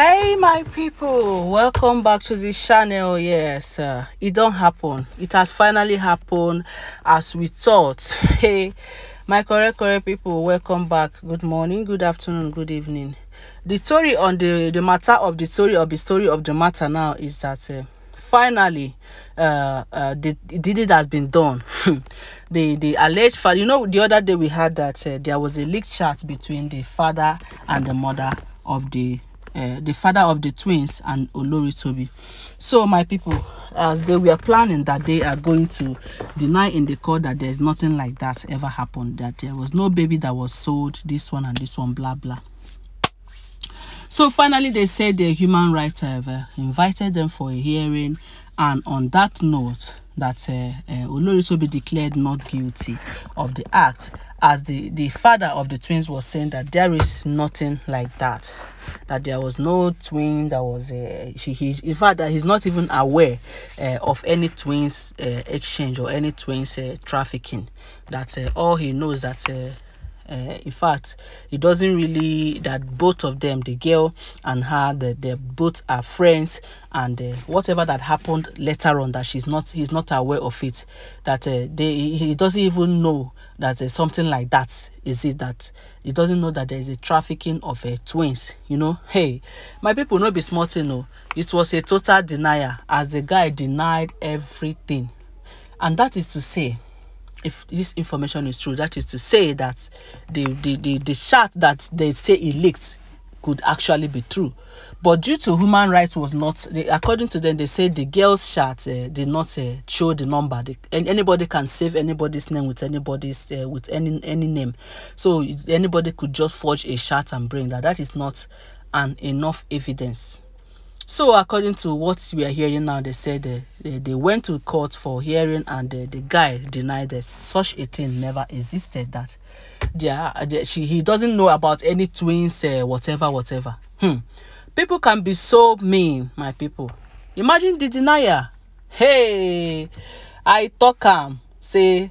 hey my people welcome back to the channel yes uh, it don't happen it has finally happened as we thought hey my correct correct people welcome back good morning good afternoon good evening the story on the the matter of the story of the story of the matter now is that uh, finally uh, uh, the, the deed has been done the the alleged father you know the other day we had that uh, there was a leaked chat between the father and the mother of the uh, the father of the twins and Olori Tobi. So my people, as they were planning that they are going to deny in the court that there's nothing like that ever happened, that there was no baby that was sold, this one and this one, blah, blah. So finally, they said the human rights uh, invited them for a hearing. And on that note, that uh, uh, declared not guilty of the act as the, the father of the twins was saying that there is nothing like that that there was no twin that was uh, she he's in fact that he's not even aware uh, of any twins uh, exchange or any twins uh, trafficking that uh, all he knows that uh, uh, in fact it doesn't really that both of them the girl and her they, they both are friends and uh, whatever that happened later on that she's not he's not aware of it that uh, they he doesn't even know that uh, something like that is it that he doesn't know that there is a trafficking of uh, twins you know hey my people not be small you oh. know it was a total denier as the guy denied everything and that is to say if this information is true, that is to say that the the the, the chart that they say it leaked could actually be true. But due to human rights was not, they, according to them, they said the girl's chart uh, did not uh, show the number. They, anybody can save anybody's name with anybody's uh, with any any name, so anybody could just forge a chart and bring that. That is not an enough evidence. So according to what we are hearing now, they said uh, they, they, went to court for hearing and uh, the guy denied that such a thing never existed. That yeah, uh, she, he doesn't know about any twins, uh, whatever, whatever. Hmm. People can be so mean, my people. Imagine the denier. Hey, I talk am say,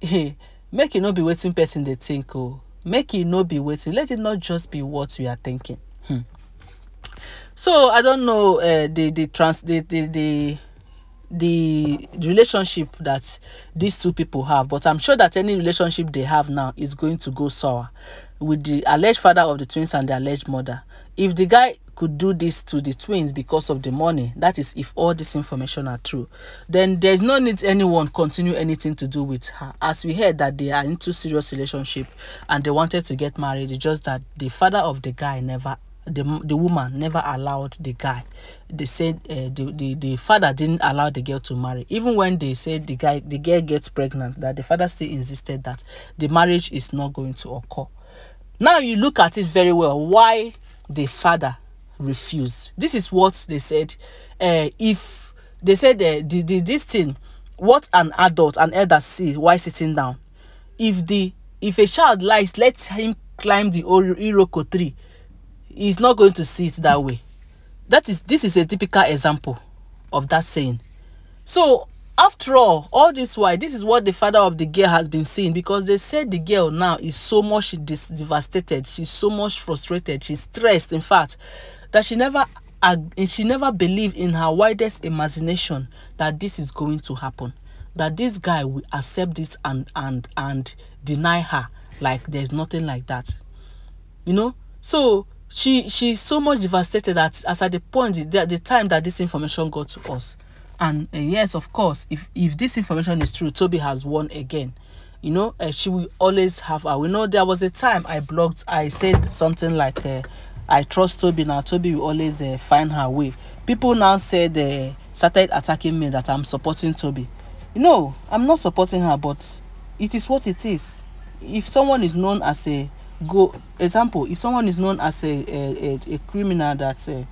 hey, make it not be waiting person they think oh, make it not be waiting. Let it not just be what we are thinking. Hmm so i don't know uh, the the trans the the, the the relationship that these two people have but i'm sure that any relationship they have now is going to go sour with the alleged father of the twins and the alleged mother if the guy could do this to the twins because of the money that is if all this information are true then there's no need anyone continue anything to do with her as we heard that they are into serious relationship and they wanted to get married just that the father of the guy never the the woman never allowed the guy they said uh, the, the the father didn't allow the girl to marry even when they said the guy the girl gets pregnant that the father still insisted that the marriage is not going to occur now you look at it very well why the father refused this is what they said uh, if they said uh, the, the this thing what an adult an elder see? Why sitting down if the if a child lies let him climb the iroko tree is not going to see it that way. That is, this is a typical example of that saying. So, after all, all this why, this is what the father of the girl has been saying because they said the girl now is so much devastated, she's so much frustrated, she's stressed, in fact, that she never she never believed in her widest imagination that this is going to happen that this guy will accept this and and and deny her like there's nothing like that you know so she she's so much devastated that as at the point the, the time that this information got to us and uh, yes of course if if this information is true toby has won again you know uh, she will always have her we know there was a time i blogged i said something like uh, i trust toby now toby will always uh, find her way people now said uh, started attacking me that i'm supporting toby you know i'm not supporting her but it is what it is if someone is known as a go example if someone is known as a a, a, a criminal that uh,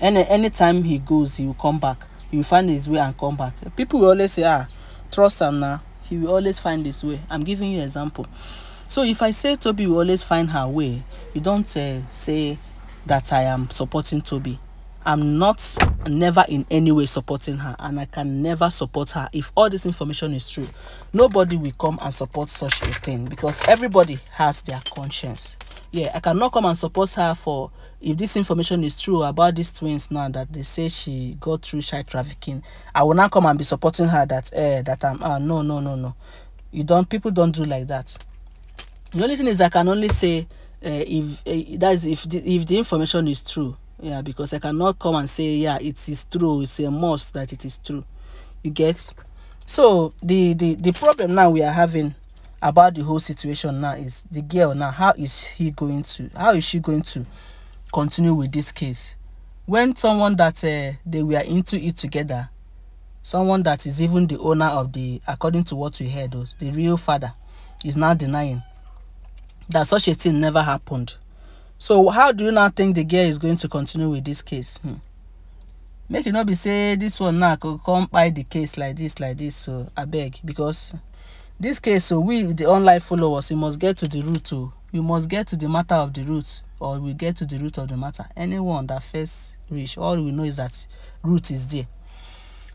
any anytime he goes he will come back he will find his way and come back people will always say ah trust am na he will always find his way i'm giving you example so if i say toby will always find her way you don't uh, say that i am supporting toby I'm not never in any way supporting her and I can never support her if all this information is true. Nobody will come and support such a thing because everybody has their conscience. Yeah, I cannot come and support her for if this information is true about these twins now that they say she got through child trafficking. I will not come and be supporting her that eh, that I'm uh, no no no no. You don't people don't do like that. The only thing is I can only say uh, if uh, eh, that is if the, if the information is true yeah because i cannot come and say yeah it is true it's a must that it is true you get so the the the problem now we are having about the whole situation now is the girl now how is he going to how is she going to continue with this case when someone that uh, they were into it together someone that is even the owner of the according to what we heard the real father is now denying that such a thing never happened so how do you now think the girl is going to continue with this case hmm make e no be say this one now could come by the case like this, like this. so I beg because this case so we the online followers we must get to the root too. Oh. we must get to the matter of the root or we get to the root of the matter anyone that first reach all we know is that root is there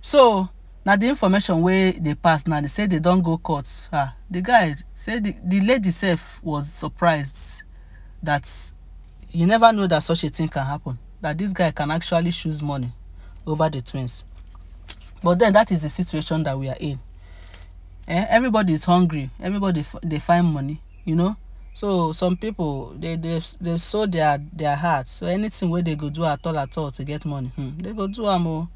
so now the information where they passed. now they say they don't go court ah di guy the the lady self was surprised that you never know that such a thing can happen. That this guy can actually choose money over the twins. But then that is the situation that we are in. Eh? Everybody is hungry. Everybody they find money, you know. So some people they they they sow their their hearts. So anything where they go do at all at all to get money, hmm, they go do more.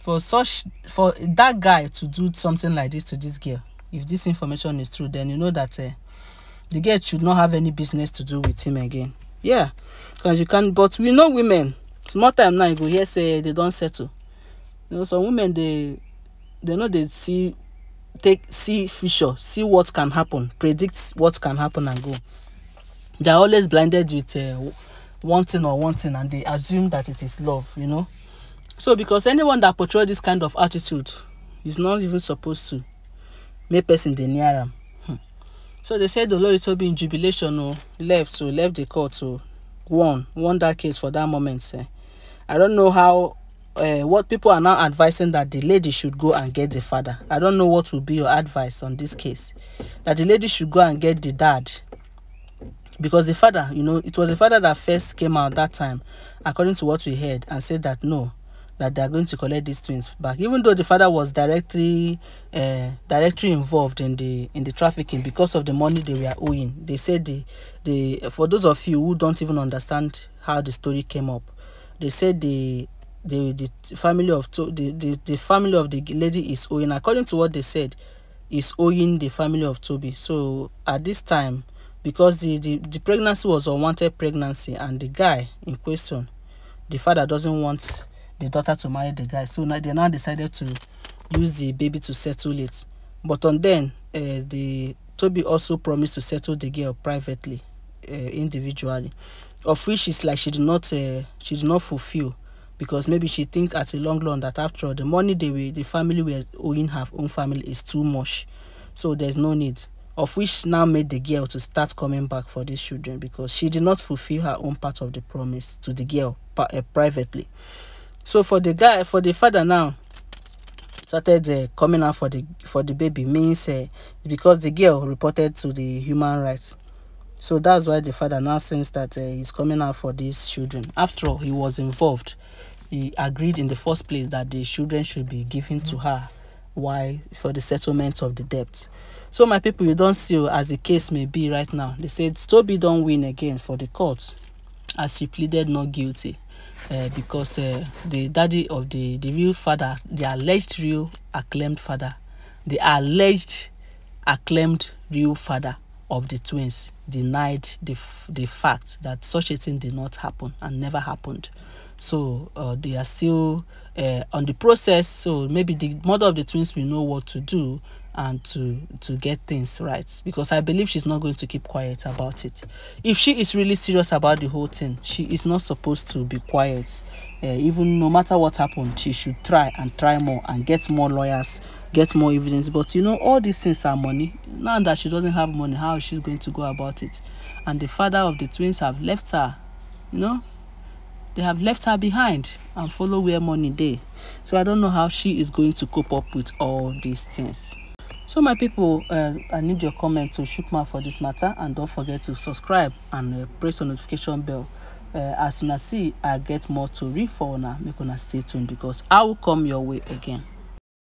For such for that guy to do something like this to this girl, if this information is true, then you know that uh, the girl should not have any business to do with him again. yeah because you can but we know women small time now you go hear say they don't settle you know some women They, they know they see take see future see what can happen predict what can happen and go They're always blinded with uh, one or wanting, and they assume that it is love you know so because anyone that portray this kind of attitude is not even supposed to make person the near am so they said the lawyer be in jubilation oh, left o oh, left the court o oh, won won that case for that moment eh? i don't know how uh, what people are now advising that the lady should go and get the father i don't know what will be your advice on this case that the lady should go and get the dad because the father you know it was the father that first came out that time according to what we heard and said that no that they are going to collect these twins back even though the father was directly uh, directly involved in the in the trafficking because of the money they were owing they said the the for those of you who don't even understand how the story came up they said the the, the family of the, the the family of the lady is owing according to what they said is owing the family of toby so at this time because the, the, the pregnancy was unwanted pregnancy and the guy in question the father doesn't want the daughter to marry the guy. So now they now decided to use the baby to settle it. But on then, uh, the Toby also promised to settle the girl privately, uh, individually, of which is like she did not uh, she did not fulfill because maybe she thinks at a long run that after all the money they were the family were owing her own family is too much, so there's no need. Of which now made the girl to start coming back for these children because she did not fulfill her own part of the promise to the girl privately so for the guy for the father now started uh, coming out for the for the baby means uh, because the girl reported to the human rights so that's why the father now seems that uh, he's coming out for these children after all he was involved he agreed in the first place that the children should be given to her why for the settlement of the debt so my people you don't see as the case may be right now they said stoby don't win again for the court as she pleaded not guilty uh, because uh, the daddy of the, the real father, the alleged real acclaimed father, the alleged acclaimed real father of the twins denied the, the fact that such a thing did not happen and never happened. So uh, they are still uh, on the process. So maybe the mother of the twins will know what to do and to to get things right because i believe she's not going to keep quiet about it if she is really serious about the whole thing she is not supposed to be quiet uh, even no matter what happened she should try and try more and get more lawyers get more evidence but you know all these things are money now that she doesn't have money how is she going to go about it and the father of the twins have left her you know they have left her behind and follow where money day so i don't know how she is going to cope up with all these things So my people, uh, I need your comment to Shukma for this matter and don't forget to subscribe and uh, press the notification bell. Uh, as una see, I get more to read for una, make una stay tuned because I will come your way again.